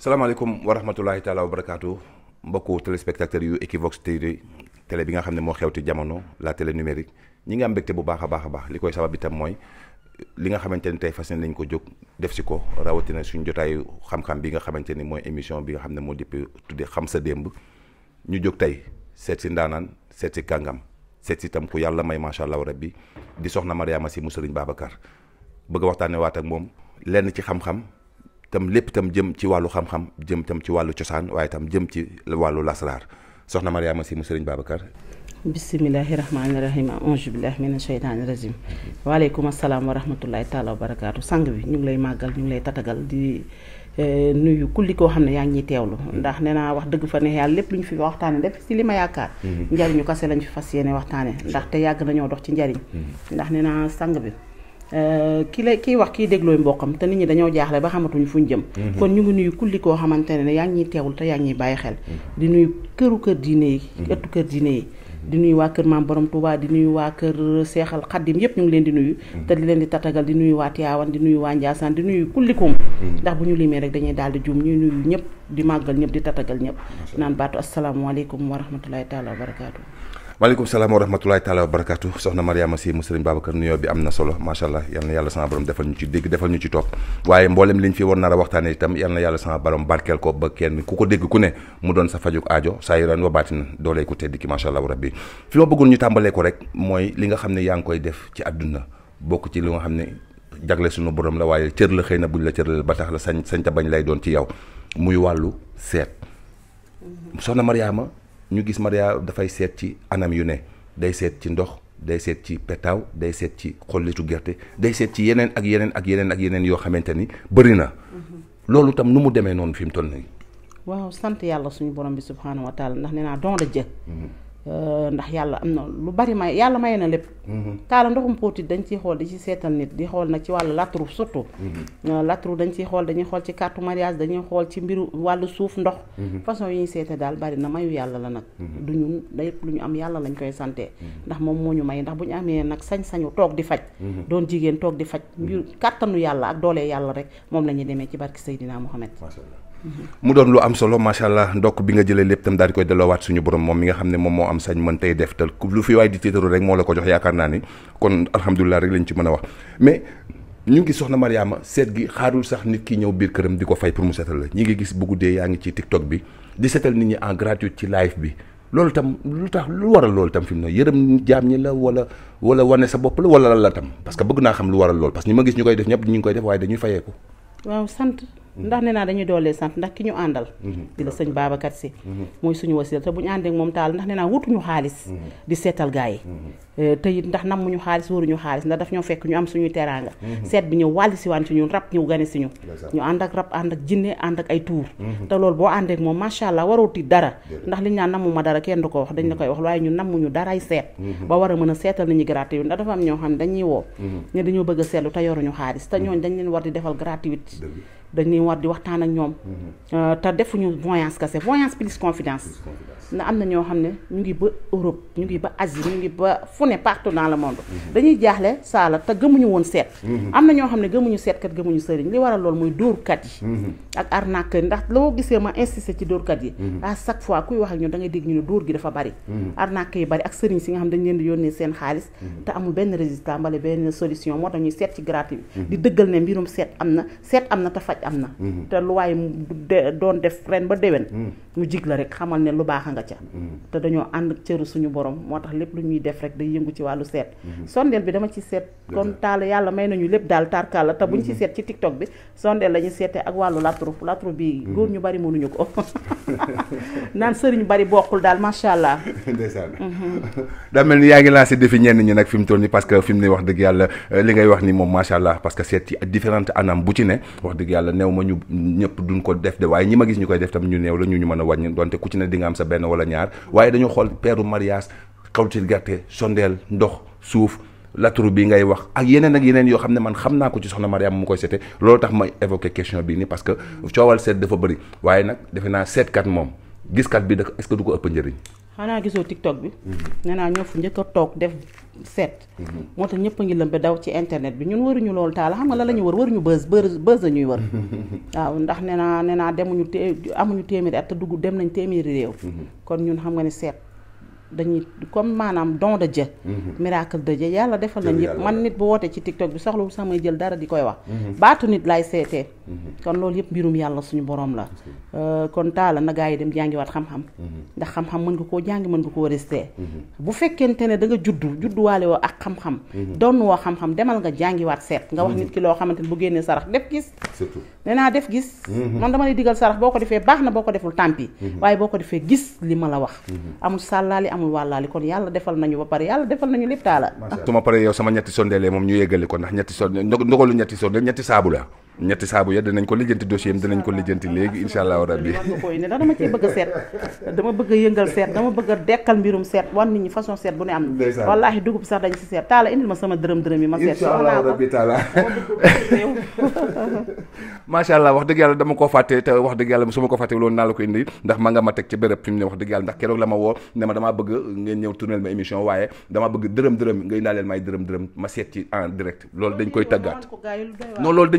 salaamaaleykum wa rahmatulahi taala wa barakaatu mbokku téléspectateurs yu Equivox TV télé bi nga xam ne moo xewti jamono la télé numérique ñi nga am mbégte bu baax a baax a baax li koy sabab li nga xamante ni tey fas nañ ko jóg def si ko rawatina suñ jotaayu xam-xam bi nga xamante ni mooy émission bi nga xam ne moo jëpp tuddee xam sa démb ñu jóg tey seet si ndaanaan seet si kàngam seet si itam ku yàlla may macha allah bi di soxna Mariama si mu sëriñ Babacar bëgg waxtaanee waat ak moom lenn ci xam-xam. tam lépp tam jëm ci wàllu xam-xam jëm tam ci wàllu cosaan waaye tam jëm ci wàllu lasraar soxna Mariama Si mu sëriñ Babacar bisimilahi rahmaani rahim ange billahi mina sheytaani rajim waaleykum asalaam wa rahmatullahi taala wa barakaatu sang bi ñu ngi lay màggal ñu ngi lay tatagal di eh, nuyu kulli koo xam ne yaa ngi teew teewlu ndax nee naa wax dëgg fa ne yàlla lépp lu ñu fi waxtaane lépp si li ma yaakaar mm-hmm. njariñu kase lañ fi fas yéene waxtaane ndax te yàgg nañoo dox ci njariñ mm-hmm. ndax nee naa sang bi Euh, ki lay kiy wax kiy déglooy mboqam te nit ñi dañoo jaaxle ba xamatuñ ñu jëm mhm. kon ñu ngi nuyu kulli koo xamante ne yaa ngi ñuy teewul te yaa ngi bàyyi xel mhm. di nuyu këru kër diine yi mhm. ëttu kër diine yi di nuyu waa kër maam borom Touba di nuyu waa kër seexal xaddim yëpp ñu ngi leen di nuyu te di leen di tatagal di nuyu waa Tiwaawan di nuyu waa Njaasaan di nuyu kullikum ndax bu ñu limee rek dañuy daal di juum ñuy nuyu ñëpp di màggal ñëpp di tatagal ñëpp naan baatu asalaamaaleykum wa rahmatulahi taala wa barakaatu maaleykum salaam wa rahmatulahi taala wa barakatu soxna Mariama Si mu sëriñ Babacar nuyoo bi am na solo macha allah yal na yàlla sama borom defal ñu ci dégg defal ñu ci topp waaye mboolem liñ fi war nar a waxtaane itam yal na yàlla sama borom barkeel ko ba kenn ku ko dégg ku ne mu doon sa fajuk aajo saa yiran wa baatina doolee ko tedd ki macha allah rabbi fi ma bëggoon ñu tàmbalee ko rek mooy li nga xam ne yaa ngi koy def ci àdduna bokk ci li nga xam ne jagle suñu borom la waaye cër la xëy na buñ la cër ba tax la sañ sañ ta bañ lay doon ci yow muy wàllu seet mm-hmm. soxna Mariama ñu gis Maria dafay seet ci anam yu ne day seet ci ndox day seet ci petaaw day seet ci xollitu gerte day seet ci yeneen ak yeneen ak yeneen ak yeneen yoo xamante ni bëri na. Mhm. loolu tam nu mu demee noonu fi mu toll nii. waaw sant yàlla suñu borom bi subxanahu wa taala ndax ne naa don la jë Euh, ndax yàlla am na lu bari may yàlla may na lépp. Mm-hmm. kaala ndoxum póotit dañ ciy xool di ci seetal nit di xool nag ci wàllu latru surtout. Mm-hmm. Euh, latru dañ ciy xool dañuy xool ci carte mariage dañuy xool ci mbiru wàllu suuf ndox. Mm-hmm. façon yi ñuy seete daal bari na mayu yàlla la nag. du ñun day lu ñu am yàlla lañ koy sante ndax moom moo ñu may ndax bu ñu amee nag sañ-sañu toog di faj. doon jigéen toog di faj. mbiru kàttanu yàlla ak doolee yàlla rek moom la ñuy demee ci barki Seydina Mohamed. mu doon lu am solo macha allah ndokk bi nga jëlee lépp tam daal di koy delloowaat suñu borom moom mi nga xam ne moom moo am sañ mën tey def te lu fi waay di tiitaru rek moo la ko jox yaakaar naa ni kon alhamdulilah rek lañ ci mën a wax seet gi xaarul sax nit ki ñëw biir këram di ko fay pour mu seetal ñi ngi gis bu guddee yaa ngi ci tiktok bi di seetal nit ñi en gratuit ci lu tax lu tam fi mu ne yërëm jaam ñi la wala wala wane sa bopp la wala la tam parce que bëgg naa xam lu waral loolu parce que def ñëpp ñu ngi koy def waaye dañuy fayeeku waaw sant ndax nee naa dañuy doolee sant ndax ki ñu àndal mhm. di la sëñ Babacar Si mhm. mooy suñu wasila te bu ñu àndeek moom taal ndax nee naa wutuñu xaalis mhm. di seetal gaa yi eh, te it ndax nam muñu xaalis waruñu xaalis ndax def ñoo fekk ñu am suñuy teraanga seet bi ñëw wàlli si si ñun rab ñëw gane si ñu ñu ak rab ànd ak jinne ànd ak ay tuur te loolu boo àndee ak moom macha allah ti dara ndax liñ naan namuma dara kenn du ko wax dañ la koy wax waaye ñun namuñu daray seet ba war a mën a seetal nañu gratuit ndax dafa am ñoo xam ne dañuy woo ne dañoo bëgg a seetlu te yoruñu xaalis te ñooñ dañ leen war di defal gratuit dañuy war di waxtaan ak ñoom. Mm-hmm. Euh, te defuñu voyance kese voyance plus confidence. na am na ñoo xam ne ñu ngi ba Europe ñu ngi ba Asie ñu ngi ba fu ne partout dans le monde dañuy jaaxle saala te gëmuñu woon seet mhm. am na ñoo xam ne gëmuñu seetkat gëmuñu sëriñ li waral lool mooy dóorkat yi mhm. ak arnaqueur ndax loo gisee ma insisté ci kat yi mhm. à chaque fois kuy wax ak ñun da ngay dégg ñu ne dóor gi dafa bari arnaqueur yi bari ak sëriñ si nga xam dañ leen di yónnee seen xaalis te amul benn résultat mbala benn solution moo tax ñuy seet ci gratuit di dëggal ne mbirum seet am na seet am na te faj am na te lu waaye doon def ren ba déwén mu jig la rek xamal lu baax nga ca mm. te dañoo ànd ak cëru suñu borom moo tax lépp lu ñuy def rek day yëngu ci wàllu seet mm-hmm. sondeel bi dama ci seet kon taal yàlla may nañu lépp daal tarkaal la te buñ ci mm-hmm. seet ci tiktok bi sondeel la ñu ak wàllu latru latru bi mm-hmm. góor ñu bari mënuñu ko naan sëriñ bari bokkul daal macha allah ndeysaan daa yaa ngi lancé défi ñenn ñi nag fi toll nii parce que ne wax dëgg yàlla euh, li ngay wax ni moom macha allah parce seet ci différentes anam bu ci ne wax dëgg a wala ñaar waaye dañu xool peeru mariage xawtil gerte sondeel ndox suuf laturu bi ngay wax ak yeneen ak yeneen yoo xam ne man xam naa ko ci soxna Mariama mu koy seete loolu tax ma évoqué question bii nii parce que coowal seet dafa bëri waaye nag defe naa seetkat moom giskat bi da est ko ëpp njariñ xanaa gisoo TikTok bi. Mm-hmm. nee naa ñoo fu njëkk toog def seet. Mm-hmm. moo tax ñëpp a ngi lëmbe daw ci internet bi ñun waruñu loolu taal xam nga la la ñu wër waruñu bës bës la ñuy wër. Mm-hmm. waaw ndax ne naa nee naa demuñu te amuñu téeméeri at te dugg dem nañ téeméeri réew. kon ñun xam nga ni seet dañuy comme maanaam don de Dieu. miracle de yàlla defal nañ yëpp man nit bu wootee ci TikTok bi soxlawul samay jël dara di koy wax. baatu nit laay seetee. Mhm. kon loolu yëpp mbirum yàlla suñu boroom la mhm. euh, kon taala na gaa yi dem jàngiwaat xam-xam mhm. ndax xam-xam mën nga koo jàngi mën nga koo resté bu fekkente ne da nga juddu judduwaale woo ak xam-xam doon woo xam-xam demal nga jàngiwaat seet nga wax nit ki loo xamante ne bu génnee sarax def gis surtout nee naa def gis man dama lay digal sarax boo ko defee baax na boo ko deful tàmpi waaye boo ko defee gis li ma la wax amul sàllaali amul wàllaali kon yàlla defal nañu ba la ñetti saabu ya dinañ ko lijjanti dossier am dinañ ko lijjanti léegi incha allahu rabbi ndax dama ciy bëgg a seet dama bëgg a yëngal seet dama bëgg a dekkal mbirum seet wan nit ñi façon seet bu ne am na wallaahi dugub sax dañ si seet ma sama dërëm dërëm yi ma seet incha allahu rabbi taala macha allah wax dëgg yàlla dama ko fàtte te wax dëgg yàlla su ma ko fàtte loolu naa la ko indi ndax ma nga ma teg ci béréb fi mu ne wax dëgg yàlla ndax keroog la ma woo ne ma dama bëgg ngeen ñëw tournel ma émission waaye dama bëgg dërëm dërëm ngay naa leen may dërëm dërëm ma seet ci en loolu dañ koy taggaat non loolu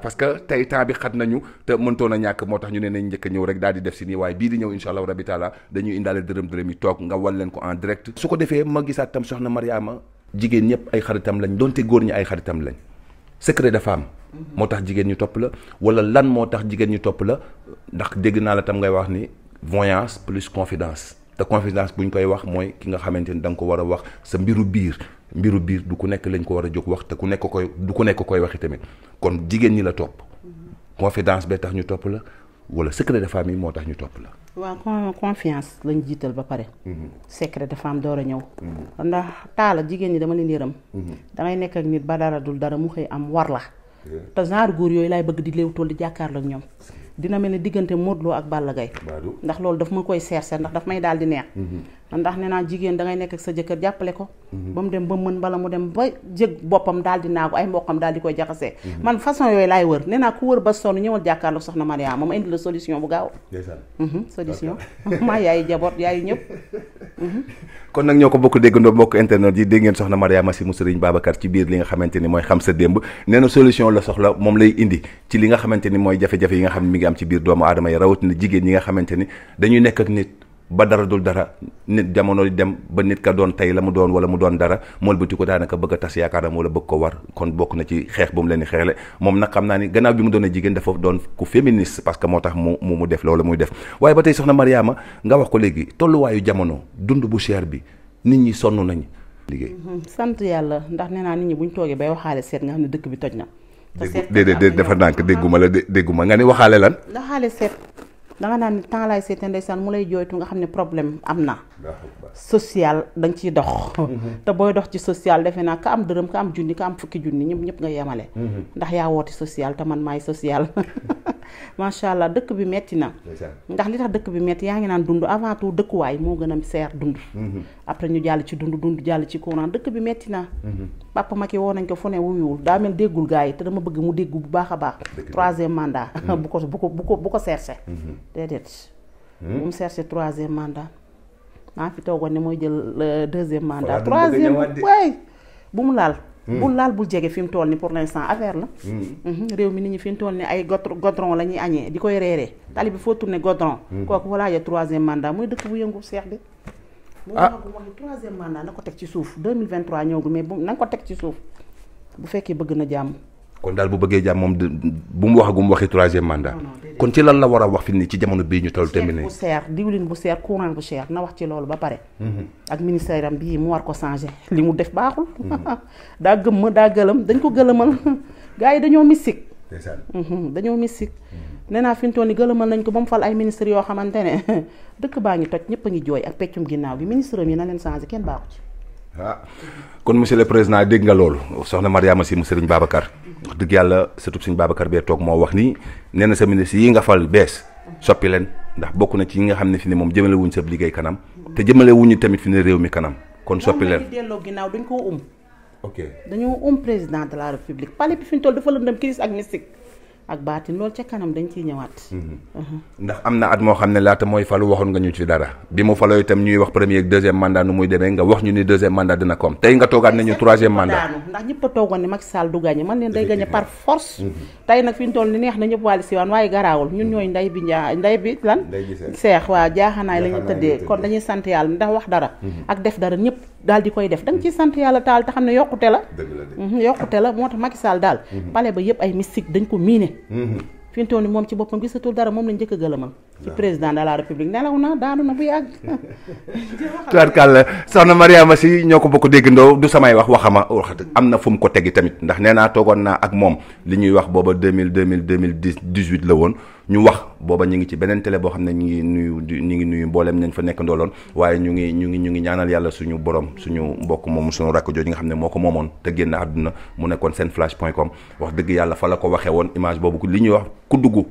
parce que tey temps bi xat nañu te mëntoon a ñàkk moo tax ñu ne nañ njëkk ñëw rek daal di def si nii waaye bii di ñëw incha allah rabi taala dañuy indaale dërëm dërëm yi toog nga wan leen ko en direct su ko defee ma gisaat tam soxna Mariama jigéen ñëpp ay xaritam lañ donte góor ñi ay xaritam lañ secret de femme mm-hmm. moo tax jigéen ñu topp la wala lan moo tax jigéen ñu topp la ndax dégg naa la tam ngay wax ni voyance plus confidence te confidence bu ñu koy wax mooy ki nga xamante ni da nga ko war a wax sa mbiru biir mbiru biir du ku nekk lañ ko war a jóg wax te ku nekk koy du ku nekk koy waxi tamit kon jigéen ñi la topp confidence bee tax ñu topp la wala secret de famille moo tax ñu topp la. waaw confiance lañ jiital ba pare. Mhm. secret de femme door a ñëw. Mhm. ndax taala jigéen ñi dama leen yërëm. Mhm. dangay nekk ak nit ba dara dul dara mu xëy am war la. te genre góor yooyu lay bëgg di léew tool di jàkkaarloo ñoom. dina mel ni diggante Modou Lo ak Balla Gaye ndax loolu dafa ma koy seerseer ndax daf may daal di neex. ndax nee naa jigéen dangay nekk ak sa jëkkër jàppale ko mhm. ba mu dem ba mën bala mu dem ba jëg boppam daal di naagu ay mboqam daal di koy jaxasee mhm. man façon yooyu laay wër ne naa ku wër ba sonn ñëwal jàkkaarloog soxna Mariama ma indi la solution bu gaaw mhm, solution maa yaay jaboot yaay ñëpp kon nag ñoo ko bokk déggandoo mbokk internet yi dégg ngeen soxna Mariama Sy mu Serigne Babacar ci biir li nga xamante ni sa démb nee na solution la soxla moom lay indi ci li nga xamante ni mooy jafe-jafe yi nga xam ne mi ngi am ci biir doomu aadama yi rawatina jigéen ñi nga xamante ni dañuy nekk ak nit ba dara dul dara nit jamono di dem ba nit ka doon tey la mu doon wala mu doon dara mool bëti ko daanaka bëgg a tas yaakaaram wala bëgg ko war kon bokk na ci xeex bu mu leen di xeexle moom nag xam naa ni gannaaw bi mu doon a jigéen dafa doon ku féministe parce que moo tax mu mu def loolu muy def waaye ba tey nga wax ko léegi tolluwaayu jamono dund bu cher bi nit ñi sonn nañ liggéey. Mm-hmm. sant yàlla ndax nee naa nit ñi buñ toogee bay waxaale seet nga xam ne dëkk bi toj na. te seet dafa nànk dégguma la dégguma nga ni waxaale lan. waxaale seet danga naan ni temps laay seetaan ndeysaan mu lay jooytu nga xam ne problème am na social danga ciy dox mm-hmm. te booy dox ci social defe naa ka am dërëm ka am junni ka am fukki junni ñëpp ñëpp nga yemale mm-hmm. ndax yaa wooti social te man maay social macha allah dëkk bi metti na ndax li tax dëkk bi metti yaa ngi naan dund avant tout dëkkuwaay moo gën a seer dund mhm. après ñu jàll ci dund dund jàll ci courant dëkk bi metti na mhm. papa Macky woo nañ ko fu ne wuyuwul daa mel déggul gars yi te dama bëgg mu déggu bu baax a baax troisième mandat mhm. bu ko bu ko bu ko bu ko cherché déedéet bu hmm? mu cherché troisième mandat maa fi toogoon ne mooy jël euh, deuxième mandat troisième waay bu mu laal bul hmm. laal bul jege fi mu toll ni pour l'instant affaire la hmm. mhm. réew mi nit ñi fi mu toll ni ay godron la ñuy añee di koy reeree tali bi foo tourné godron hmm. kooku walaa ya troisième mandat muy dëkk bu yëngu seex bi ah bu na ko teg ci suuf 2023 ñëw gu mais bu na ko teg ci suuf bu fekkee bëgg na jàmm kon daal bu bëggee jàmm moom bu mu wax gum waxi troisième mandat. kon ci lan la war a wax fi ni ci jamono bii ñu toll. tamit ne bu seer diwlin bu seer courant bu seer na wax ci loolu ba pare. Mhm. ak ministère am bii mu war ko changer li mu def baaxul. Mhm. daa gëm ma daa gëlëm dañ ko gëlëmal gars yi dañoo mystique. Mhm. dañoo mystique. ne naa fi mu toll nii gëlëmal nañ ko ba mu fal ay ministres yoo xamante ne dëkk baa ngi toj ñëpp a ngi jooy ak peccum ginnaaw bi ministre am yi na leen changer kenn baaxu ci. ah kon monsieur le président dégg nga loolu soxna Mariama Sy mu Serigne Babacar. wax dëgg yàlla surtout suñu Babacar bee toog moo wax ni nee na sa ministre yi nga fal bees soppi leen ndax bokk na ci ñi nga xam ne fi ne moom jëmale wuñ sa liggéey kanam te jëmale wuñu tamit fi ne réew mi kanam kon soppi leen delloo ginnaaw dañ koo um ok dañoo um président de la république palais bi fi dafa lëndëm crise ak mystique ak baatin loolu ca kanam dañ ciy ñëwaat. Mhm. Mhm. ndax am na at moo xam ne laata mooy falu waxoon nga ñu ci dara bi mu faloo itam ñuy wax premier ak deuxième mandat nu muy demee nga wax ñu ni deuxième mandat dina ko am tey nga toogaat nañu troisième mandat. ndax ñëpp a toogoon ne Macky Sall du gagné man leen day gagné par force. Mhm. tey nag fi ñu toll ni neex na ñëpp wàllu si waan waaye garaawul ñun ñooy nday bi njaa nday bi lan. seex waaw jaaxanaay la ñu tëddee kon dañuy sant yàlla ndax wax dara. ak def dara ñëpp daal di koy def da nga sant yàlla taal te xam ne yokkute la. yokkute la moo tax Macky Sall daal. pale ba yëpp ay mystique dañ ko miine Mm-hmm. fi mu toll nii moom ci boppam gisatul dara moom lañ jëkk a gëlëmal ci président de la république nelaw na daanu na bu yàgg tubaarkàlla soxna Mariama Sy ñoo ko bokk déggandoo du samay wax waxama wax am na fu mu ko tegi tamit ndax nee naa toogoon naa ak moom li ñuy wax booba deux mille deux mille deux mille dix dix-huit la woon ñu wax booba ñu ngi ci beneen télé boo xam ne ñu ngi nuyu ñu ngi nuyu mbooleem nañ fa nekk ndooloon waaye ñu ngi ñu ngi ñu ngi ñaanal yàlla suñu borom suñu mbokk moom suñu rakk jooju nga xam ne moo ko moomoon te génn àdduna mu nekkoon seen flash point com wax dëgg yàlla fa la ko waxee woon image boobu li ñuy wax ku dugg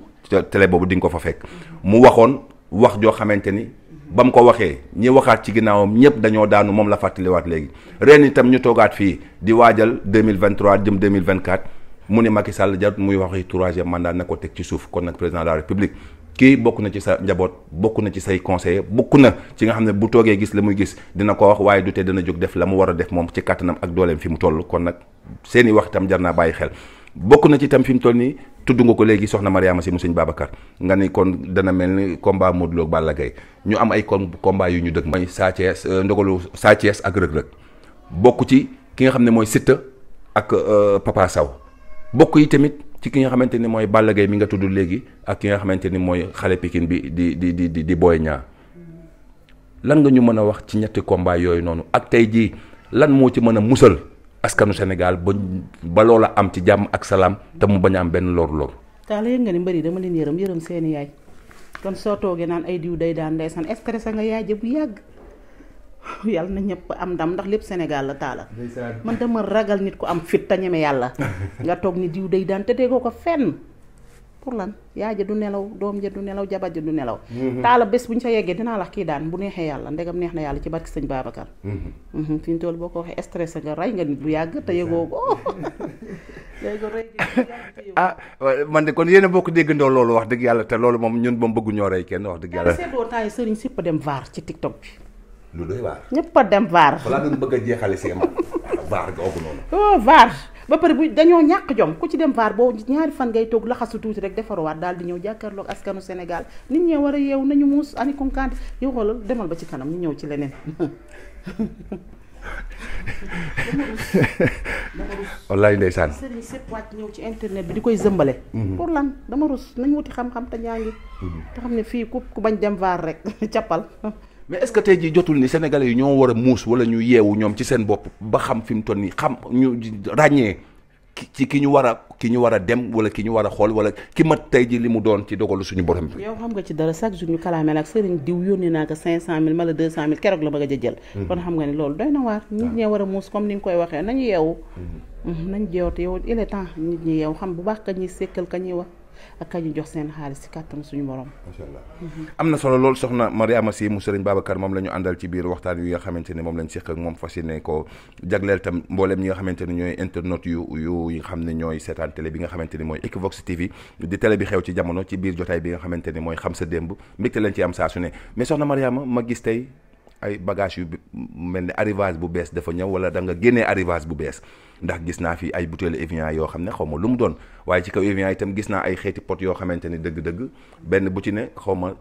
télé boobu di nga ko fa fekk mu waxoon wax joo xamante ni ba mu ko waxee ñi waxaat ci ginnaawam ñëpp dañoo daanu moom la fàttaliwaat léegi ren itam ñu toogaat fii di waajal 2023 jëm 2024 mu ne Macky Sall jarut muy waxi troisième mandat na ko teg ci suuf kon nag président de la république kii bokk na ci sa njaboot bokk na ci say conseiller bokk na ci nga xam ne bu toogee gis la muy gis dina ko wax waaye du tee dana jóg def la mu war a def moom ci kàttanam ak dooleem fi mu toll kon nag seeni wax itam jar naa bàyyi xel bokk na ci tam fi mu toll nii tudd nga ko léegi soxna Mariama si mu sëñ Babacar nga ni kon dana mel ni combat Modou Lo ak Balla Gaye ñu am ay kon combat yu ñu dëgg mooy Sa Thiès euh, ndogalu Sa Thiès ak Reug Reug bokk ci ki nga xam ne mooy Siteu ak euh, Papa Sow bokk yi tamit ci ki nga xamante ni mooy Balla Gaye mi nga tudd léegi ak ki nga xamante ni mooy xale Pikine bi di di di di di Boy Niang lan nga ñu mën a wax ci ñetti combat yooyu noonu ak tey jii lan moo ci mën a musal askanu Sénégal ba ba loola am ci jàmm ak salaam te mu bañ a am benn lor-lor. taala yëg nga ni mbëri dama leen yërëm yërëm seeni yaay kon soo toogee naan ay diw day daan ndeysaan stressé nga yaay ja bu yàgg. yàlla na ñëpp am ndam ndax lépp Sénégal la taala man dama ragal nit ku am fit te ñeme yàlla nga toog ni diw day daan te déggoo ko fenn pour lan yaay ja du nelaw doom ja du nelaw jabar ja du nelaw mm-hmm. taala bés bu ñu sa yeggee dinaa lax kii daan bu neexee yàlla ndegam neex na yàlla ci barki sañ Babacar mm-hmm. Mm-hmm. fi ñu toll boo ko waxee stressé nga rey nga nit bu yàgg te yëgoo ko ah man de kon yéen a bokk déggandoo loolu wax dëgg yàlla te loolu moom ñun moom bëggu ñoo rey kenn wax yàlla seetloo temps yi lu doy ñëpp a dem vaar. balaa bëgg a jeexale see man vaar ga ogu oh, ba pare bu dañoo ñàkk jom ku ci dem vaar boobu ñaari fan ngay toog laxasu tuuti rek defaruwaat dal di ñëw jàkkaarloog askanu Sénégal nit ñee war a yeew nañu muus ani konkante yow xoolal demal ba ci kanam ñu ñëw ci leneen. wallaay ndeysaan sëriñ sëpp wàcc ñëw ci internet bi di koy zëmbale mhm. pour lan dama rus nañ wuti xam-xam te ñaa ngi mhm. te xam ne fii ku ku bañ dem vaar rek cappal mais est-ce que tey jii jotul ni sénégalais yi ñoo war a muus wala ñu yeewu ñoom ci seen bopp ba xam fi mu toll nii xam ñu ràññee ci ki ñu war a ki ñu war a dem wala ki ñu war a xool wala ki mat tey ji li mu doon ci dogalu suñu borom bi. yow nga ci dara chaque jour ñu kalaame ak sëriñ diw yónnee naa ko 500000 mala 200000 keroog la bëgg a jël. Hmm. kon xam nga ni loolu doy na waar. Hmm. nit ñee war a muus comme ni nga koy waxee nañu yeewu. Hmm. nañu yeewu te yow il e temps nit ñi yeewu xam bu baax ka ñuy sékkal ka ñuy wax. ak kañu jox seen xaalis ci kàttan suñu borom. macha allah mhm. na solo loolu soxna Mariama Sy mu Sëriñ moom la ñu àndal ci biir waxtaan wi nga xamante ne moom lañ seq ak moom fas ne ko jagleel tam mbooleem ñi nga xamante ne ñooy internet yu yu yi xam ne ñooy seetaan tele bi nga xamante ne mooy Equivox TV di télé bi xew ci jamono ci biir jotaay bi nga xamante ne mooy xam sa démb mbégte lañ ci am saa su ne mais soxna Mariama ma gis tey ay bagage yu mel ne arrivage bu bees dafa ñëw wala da génne génnee arrivage bu bees ndax gis naa fi ay butéelu Evian yoo xam ne xaw ma lu mu doon waaye ci kaw Evian itam gis naa ay xeeti pot yoo xamante ne dëgg-dëgg benn bu ci ne xaw ma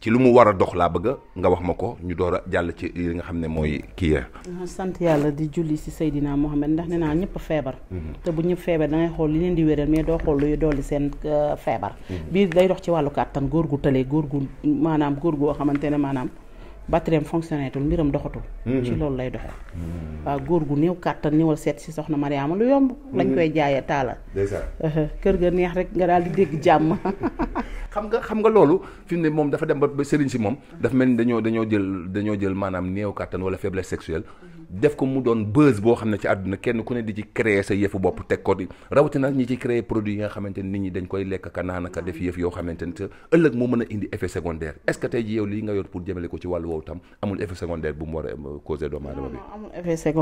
ci lu mu war a dox laa bëgg nga wax ma ko ñu door a jàll ci li nga xam ne mooy kii sant yàlla di julli si Seydina Mohamed ndax ne naa ñëpp feebar mhm. te bu ñëpp feebar da xool li leen di wéral mais doo xool luy seen euh, feebar mhm. bii day dox ci wàllu kàttan góor gu góor gu maanaam góor goo xamante ne maanaam battereem fonctionnetul mbiram doxatul. Mhm. ci loolu lay doxal. waaw góor gu néew kàttan ñëwal seet si soxna Mariama lu yomb. Mhm. lañ koy jaayee taala. kër ga neex rek nga daal di dégg jàmm. xam nga xam nga loolu fi ne moom dafa dem ba sëriñ si moom. daf mel ni dañoo dañoo jël dañoo jël maanaam néew kàttan wala faiblesse sexuelle. def ko mu doon buzz boo xam ne ci àdduna kenn ku ne di ci créer sa yëfu bopp teg ko rawatina ñi ci créer produit yi nga nit ñi dañ koy lekk ka naan def yëf yoo xamante ni ëllëg a indi effet secondaire est mu war a euh, causé doomu aadama bi. amul effet euh,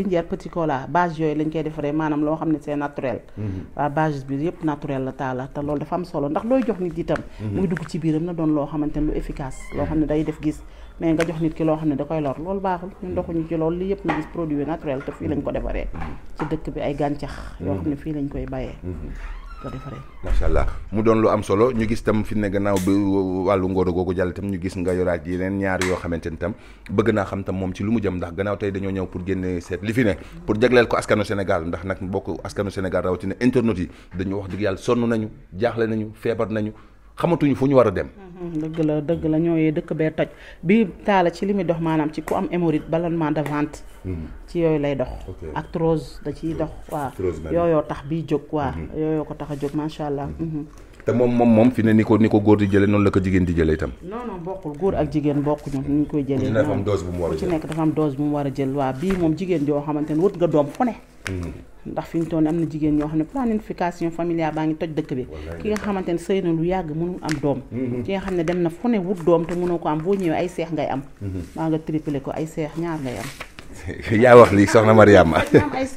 yooyu lañ koy defaree maanaam loo xam ne c'est naturel. Mhm. waaw base bi yëpp naturel la taala te loolu dafa am solo ndax looy jox nit itam. Mhm. muy dugg ci biiram na doon loo xamante ni lu efficace loo xam ne day def gis mais nga jox nit ki loo xam ne da koy lor loolu baaxul ñun doxuñu ci loolu li yëpp na gis produit naturel te fii lañ ko defaree ci dëkk bi ay gàncax yoo xam ne fii lañ koy bayee ko defaree macha allah mu doon lu am solo ñu gis tam fi ne gannaaw bi wàllu ngóor googu jàll tam ñu gis nga yoraat yeneen ñaar yoo xamante ni tam bëgg naa xam tam moom ci lu mu jëm ndax gannaaw tey dañoo ñëw pour génne seet li fi ne pour jagleel ko askanu Sénégal ndax nag bokk askanu Sénégal rawatina internet yi dañu wax dëgg yàlla sonn nañu jaaxle nañu feebar nañu xamatuñu fu ñu war a dem. Mm-hmm. dëgg la dëgg la ñooyee dëkk bee toj bi taala ci li muy dox maanaam ci ku am hémorroïde ballonnement de ventre. Mm-hmm. ci yooyu lay dox. arthrose da ciy dox. waa yooyoo tax biy jóg waa mm-hmm. yooyoo ko tax a jóg macha allah. te moom moom moom fi ne ni ko ni ko góor di jële noonu la ko jigéen di jëlee itam. non non bokkul góor ak jigéen bokkuñu ni ñu koy jëlee. dafa am dose bu a jël ci nekk dafa am dose bu mu war a jël waaw bii moom jigéen joo xamante ne wut nga doom fu ne. Hmm. ndax fi ñu toll am na jigéen ñoo xam ne planification familiale baa ngi toj dëkk bi ki nga xamante ne sëy na lu yàgg mënul am doom hmm. ki nga xam ne dem na fu ne wut doom te mënoo ko am boo ñëwee ay seex ngay am hmm. maa nga triplé ko ay seex ñaar ngay am yaa wax lii soxna Mariama. am ay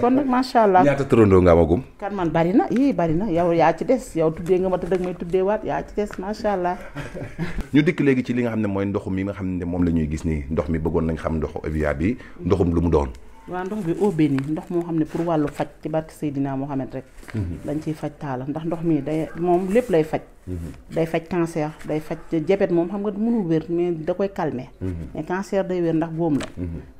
kon nag macha allah. ñaata turandoo nga amagum. kan man bari na yii bari na yow yaa ci des yow tuddee nga ma te dëgg may tuddee waat yaa ci des macha allah. ñu dikk léegi ci li nga xam ne mooy ndoxum yi nga xam ne moom la ñuy gis nii ndox mi bëggoon nañ xam ndoxu Evia bi ndoxum lu mu doon. waa ndox bi eau béni ndox moo xam ne pour wàllu faj ci barke Seydina xamante rek mhm. dañ ciy faj taala ndax ndox mi day moom lépp lay faj mhm. day faj cancer day faj diabète moom xam nga mënul wér mais da koy calmer mhm. mais day wér ndax boom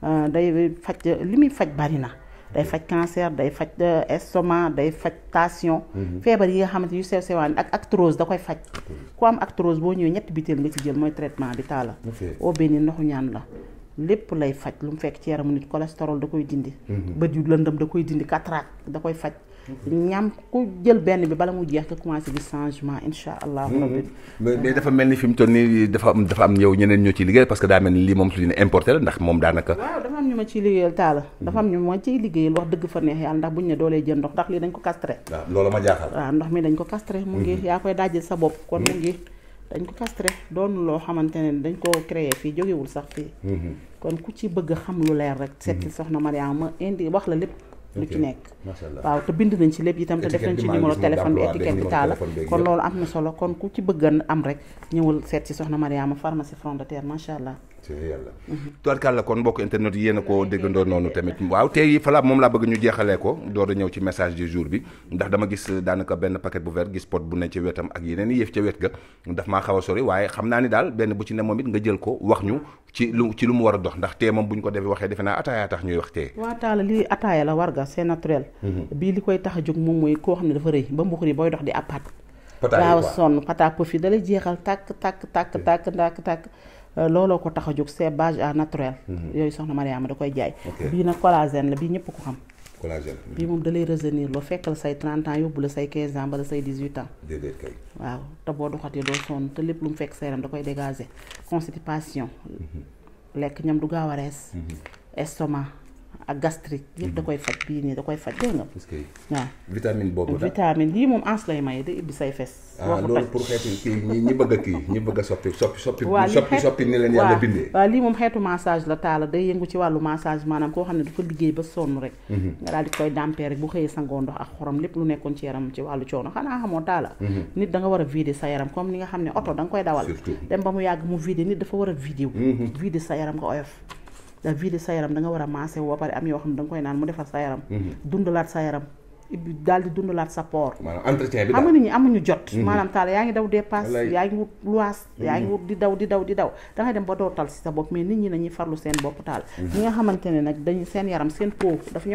euh, day faj li muy faj bari na day faj cancer day faj euh, estomac day faj tension feebar yi nga xamante yu sew sewaan ak actrose da koy faj ku am actrose boo ñëwee ñetti biteel nga ci jël mooy traitement bi taala eau béni ndoxu ñaan la lépp lay faj lu mu fekk ci yaramu nit cholestérol da koy dindi. Mhm. bët yu lëndëm da koy dindi cataracte da koy faj. ñam ku jël benn bi bala mu jeex nga commencé gis changement incha allah. Mhm. mais dafa mel ni fi mu toll nii dafa am dafa moom su ñu importé la ndax moom daanaka. waaw dafa am ñu ma ciy liggéeyal taala mhm. dafa am ñu ma ciy liggéeyal wax dëgg fa neex yàlla ndax buñu ne doolee jël ndox ndax lii dañ ko castré. waaw ah, loolu ma jaaxal. waaw ndox mi dañ ko castré mu ngi yaa koy daajal dañ ko castré doonu loo xamante ne dañ ko créé fii jógewul sax fii mhm. kon ku ci bëgg xam lu leer rek seet seeti mhm. soxna ma indi wax la lépp lu ci nekk waaw te bind nañ ci lépp itam te def nañ ci numéro téléphone bi étiquette bi taala kon loolu am na solo kon ku ci bëgg am rek ñëwal seet ci soxna Mariama pharmacie Front de Terre macha allah tubaarkàlla kon mbokk internet yi yéen a ko déggandoo noonu tamit waaw tey fa la moom laa bëgg ñu jeexalee ko door a ñëw ci message du jour bi ndax dama gis daanaka benn paquet bu vert gis pot bu ne ci wetam ak yeneen i yëf wet ga daf maa xaw sori waaye xam naa ni daal benn bu ci ne moom it nga jël ko wax ñu ci lu ci lu mu war a dox ndax tee moom bu ñu ko defee waxee defe naa ataaya tax ñuy wax tee waa taala lii ataaya la warga c'est naturel mhm. bii li koy a jóg moom koo xam ne dafa rëy ba mbuxur yi booy dox di apaat gaaw a sonn Euh, looloo ko tax a jóg cépage à naturel. Mhm. yooyu soxna Mariama da koy jaay. bii nag collagène la bii ñëpp ko xam. bii moom da lay retenir loo fekk la say 30 ans yóbbu la say quinze ans bala say 18 ans. waaw te boo doxatee doo sonn te lépp lu mu fekk sa yaram da koy dégager constipation. Mhm. lekk ñam du gaaw a rees. Mhm. estomac. ak gastric yëpp da mhm. koy faj bii nii da koy faj dégg nga. waaw vitamine boobu la vitamine yii moom ans lay may day ibbi say fes. boo ah, ko loolu pour xeetu kii ñi bëgg a kii ñi bëgg soppi soppi soppi. waaw soppi soppi ni leen yàlla bindee. waaw lii moom xeetu massage la taala day yëngu ci wàllu massage maanaam koo xam ne du ko liggéey ba sonn rek. Mhm. nga daal di koy dàmpee rek bu xëyee sa ngoo ndox ak xorom lépp lu nekkoon ci yaram ci wàllu coono xanaa xamoo taala. Mhm. nit danga war a vider sa yaram comme ni nga xam ne oto da koy dawal. dem ba mu yàgg mu vider dafa war a vider. vider sa yaram nga oyof vie de sa yaram da nga war a maase ba pare am yoo xam nga koy naan mu defar sa yaram mhm. dundalaat sa yaram daal di dundalaat sa port. maanaam entretien bi daal xam nga nit ñi amuñu jot. Mhm. maanaam taal yaa ngi daw dépasse. yaa ngi wut luwaas. Mhm. yaa ngi wut di daw di daw di dem ba doo tal si sa bopp mais nit ñi nañuy farlu seen bopp taal. Mhm. ñi nga xamante ne nag dañu seen yaram seen peau dafa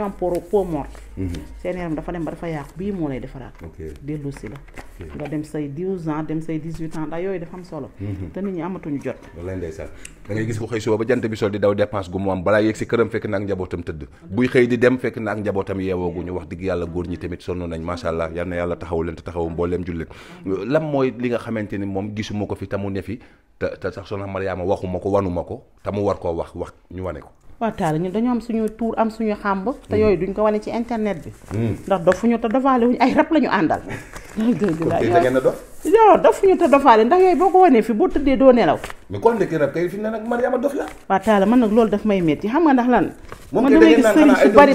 bii moo lay defaraat. dellu si la. nga dem say 12 ans dem say 18 ans ndax yooyu nit ñi amatuñu jot. walaay gis ko xëy suba ba jant bi sol di daw dépasse gu mu balaa yegg si këram fekk na ak njabootam tëdd buy xëy di dem fekk na ak njabootam yeewooguñu wax dëgg yàlla góor ñi tamit sonn nañ macha allah yal na yàlla taxaw leen te taxaw mbooleem jullit lan mooy li nga xamante ni moom gisuma ko fi tamu ne fi te te sax soxna Mariama waxuma ko wanuma ko te mu war koo wax wax ñu wane ko waaw taal ñun dañoo am suñu tuur am suñu xàmb te mm. yooyu duñ ko wane ci internet bi mm. ndax dofuñu te dofaale wuñu ay rab la ñu àndal yow dofuñu te dofaale ndax yooyu boo ko wanee fi boo tëddee doo nelaw mais ko ndekki rab kay fi ne nag man nag loolu daf may métti xam nga ndax lan man damay gis sëriñ su bari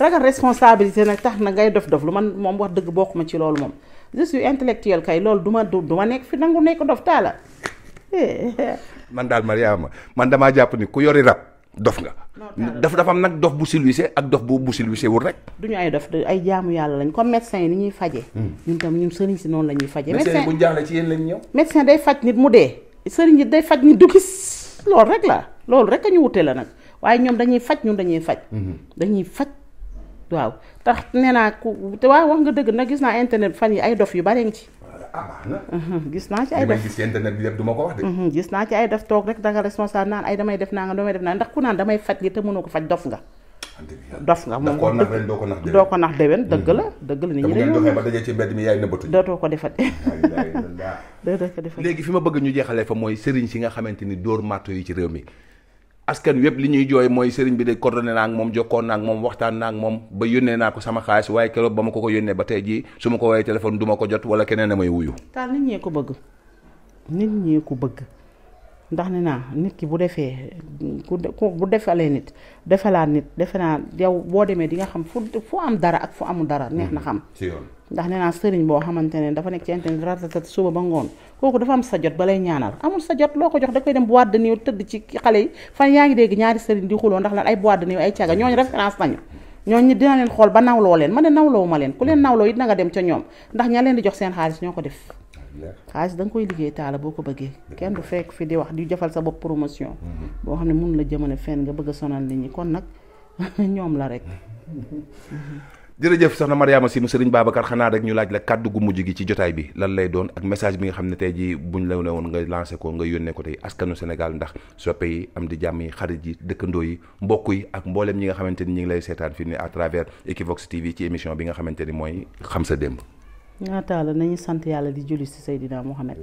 ragal responsabilité nag tax na ngay dof dof lu man moom wax dëgg bokk ma ci loolu moom je suis intellectuel kay loolu du ma du ma nekk fi nangu nekk dof taala man daal Mariama man damaa jàpp ni ku yori rab dof nga. daf dafa am nag dof bu silwisé ak dof bu bu silwisé wul rek. du ñu ay dof ay jaamu yàlla lañ comme médecin yi ni ñuy fajee. Hmm. ñun tam ñun sëriñ si noonu la ñuy fajee. médecin yi bu ñu jaaxlee ci yéen lañ ñëw. médecin day faj nit mu dee sëriñ yi day faj nit du gis loolu rek la loolu rek a ñu wute la nag waaye ñoom dañuy faj ñun dañuy faj. Hmm. dañuy faj waaw tax nee naa ku te waaw wax nga dëgg nag gis naa internet fan yi ay dof yu bare nga ci. ah baax na. Mhm. gis naa ci ay def li may gis internet de. Mhm. gis naa ci ay def toog rek danga responsable naan ay damay def naa nga damay def naa ndax ku naan damay faj li te mënoo ko faj dof nga. dof nga moom doo ko nax déwén dëgg la mhm. dëgg la. nit ñi dañoo doxee ba dajee ci mbedd mi yaay nëbbatu. dootoo ko defat léegi fi ma bëgg ñu jeexale fa mooy sëriñ si nga xamante ni dóor màtto yi ci réew mi askan wépp li ñuy jooy mooy sëriñ bi de coordonné naa ak moom jokkoon naa ak moom waxtaan naa ak moom ba yónnee naa ko sama xaalis waaye keroog ba ma ko ko yónnee ba tey jii su ma ko woowee téléphone du ma ko jot wala keneen a may wuyu. taal nit ñee ko bëgg nit ñee ko bëgg ndax ne naa nit ki bu defee ku bu defalee nit defalaat nit defe naa yow boo demee di nga xam fu fu am dara ak fu amul dara neex na mm-hmm. xam. si yoon ndax nee naa sëriñ boo xamante ne dafa nekk ci internet ratatat suba ba ngoon kooku dafa am sa jot balay ñaanal amul sa jot loo ko jox da koy dem boîte de nuit tëdd ci xale yi fan yaa ngi dégg ñaari sëriñ di xuloo ndax lan ay boîte de nuit ay caga ñooñu référence nañu ñooñu dina leen xool ba nawloo leen ma ne nawloo ma leen ku leen nawloo it na nga dem ca ñoom ndax di jox seen xaalis ñoo ko def xaalis da nga koy liggéey taala boo ko bëggee kenn du fekk fi di wax di jëfal sa bopp promotion boo xam ne mun la jëmale fenn nga bëgg a sonal nit ñi kon nag ñoom la rek jërëjëf soxna Mariama Si mu sëriñ Babacar xanaa rek ñu laaj la kàddu gu mujj gi ci jotaay bi lan lay doon ak message bi nga xam ne tey jii buñ la woon nga lancé ko nga yónnee ko tey askanu Sénégal ndax soppe yi am di jàmm yi xarit yi dëkkandoo yi mbokk yi ak mboolem ñi nga xamante ni ñi ngi lay seetaan fii nii à travers Equivox TV ci émission bi nga xamante ni mooy xam sa démb ñaataala nañu sant yàlla di julli si Seydina Mouhamed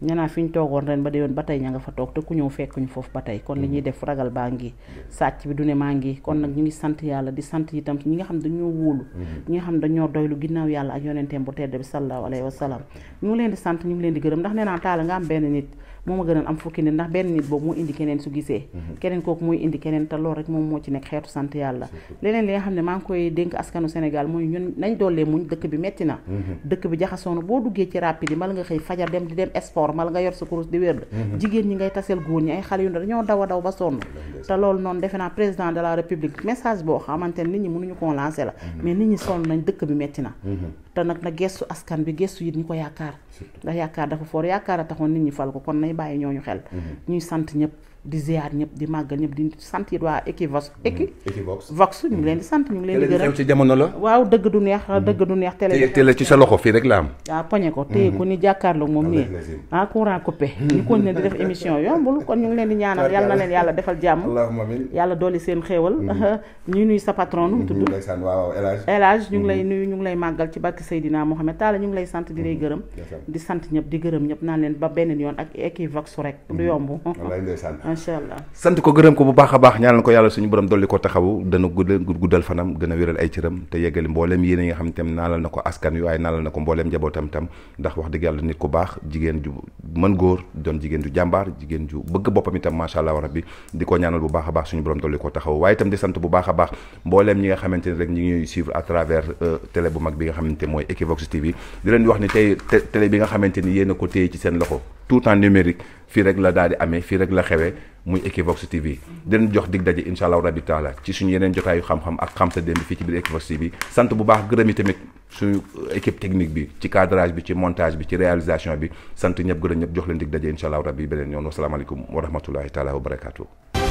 nee naa fi ñu toogoon ren ba déwén ba tey ña nga fa toog te ku ñëw fekk ñu foofu ba tey kon li ñuy mm-hmm. def ragal baa ngi sàcc bi du maa ngi kon nag ñu ngi sant yàlla di sant itam ñi nga xam dañoo wóolu mm-hmm. ñi nga xam dañoo doylu ginnaaw yàlla ak yonenteem bu tedd bi sallallahu alayhi wa sallam ñu ngi leen di sant ñu ngi leen di gërëm ndax nee naa taala nga am benn nit moo ma gënal am fukki nit ndax benn nit boobu moo indi keneen su gisee mhm. keneen kooku mooy indi keneen te loolu rek moom moo ci nekk xeetu sant yàlla leneen li nga xam ne maa ngi koy dénk bi metti yi mhm. mal mhm. ko askan bi gestu yit ñi ko yaakaar ndax yaakaar dafa foor yaakaar a taxoon nit ñi fal ko kon bàyyi ñooñu xel mm-hmm. ñuy sant ñëpp di ziar ñëpp di màggal ñëpp di sant it waa Equivox. Mm-hmm. Equivox Vox ñu ngi leen di sant ñu ngi leen di gërëm ci jamono la. waaw dëgg du mm-hmm. sa loxo fii rek la am. waaw ah, poñe ko téye ko mm-hmm. ni jàkkaarloog moom nii ah courant coupé. ñu di def émission yombul kon ñu ngi leen di ñaanal yàlla na leen yàlla defal jàmm. yàlla dooli seen xéewal. ñu nuy sa patron nu mu tudd. waaw El Hadj ñu ngi lay nuyu ñu ngi lay màggal ci barke Seydina Mohamed Talla ñu ngi lay sant di lay gërëm. di sant ñëpp di gërëm ñëpp naa leen ba beneen yoon ak Equivox rek du yomb macha sant ko gërëm ko bu baax a baax ñaanal ko yàlla suñu borom dolli ko taxawu dana guddal guddal fanam gën a wéral ay cëram te yeggali mbooleem yéen yi nga xam ne tam naalal ko askan wi waaye naalal na ko mbooleem njabootam tam ndax wax dëgg yàlla nit ku baax jigéen ju mën góor doon jigéen ju jàmbaar jigéen ju bëgg boppam itam macha allah bi di ko ñaanal bu baax a baax suñu borom dolli ko taxaw waaye itam di sant bu baax a baax mbooleem ñi nga xamante ne rek ñi ngi suivre à travers euh, télé bu mag bi nga xamante mooy Equivox TV di leen di wax ni tey te télé bi nga xamante ni yéen a ko téye ci seen loxo tout en numérique fii rek la daal di amee fii rek la xewee muy Equivox TV den jox dig daje incha allahu rabi taala ci suñu yeneen jotaayu xam-xam ak xam sa démb fii ci biir Equivox TV sant bu baax gërëm yi tamit suñu équipe technique bi ci cadrage bi ci montage bi ci réalisation bi sant ñëpp gërëm ñëpp jox leen dig daje incha allahu rabi beneen yoon wasalaamaaleykum wa rahmatullahi taala wa barakaatu.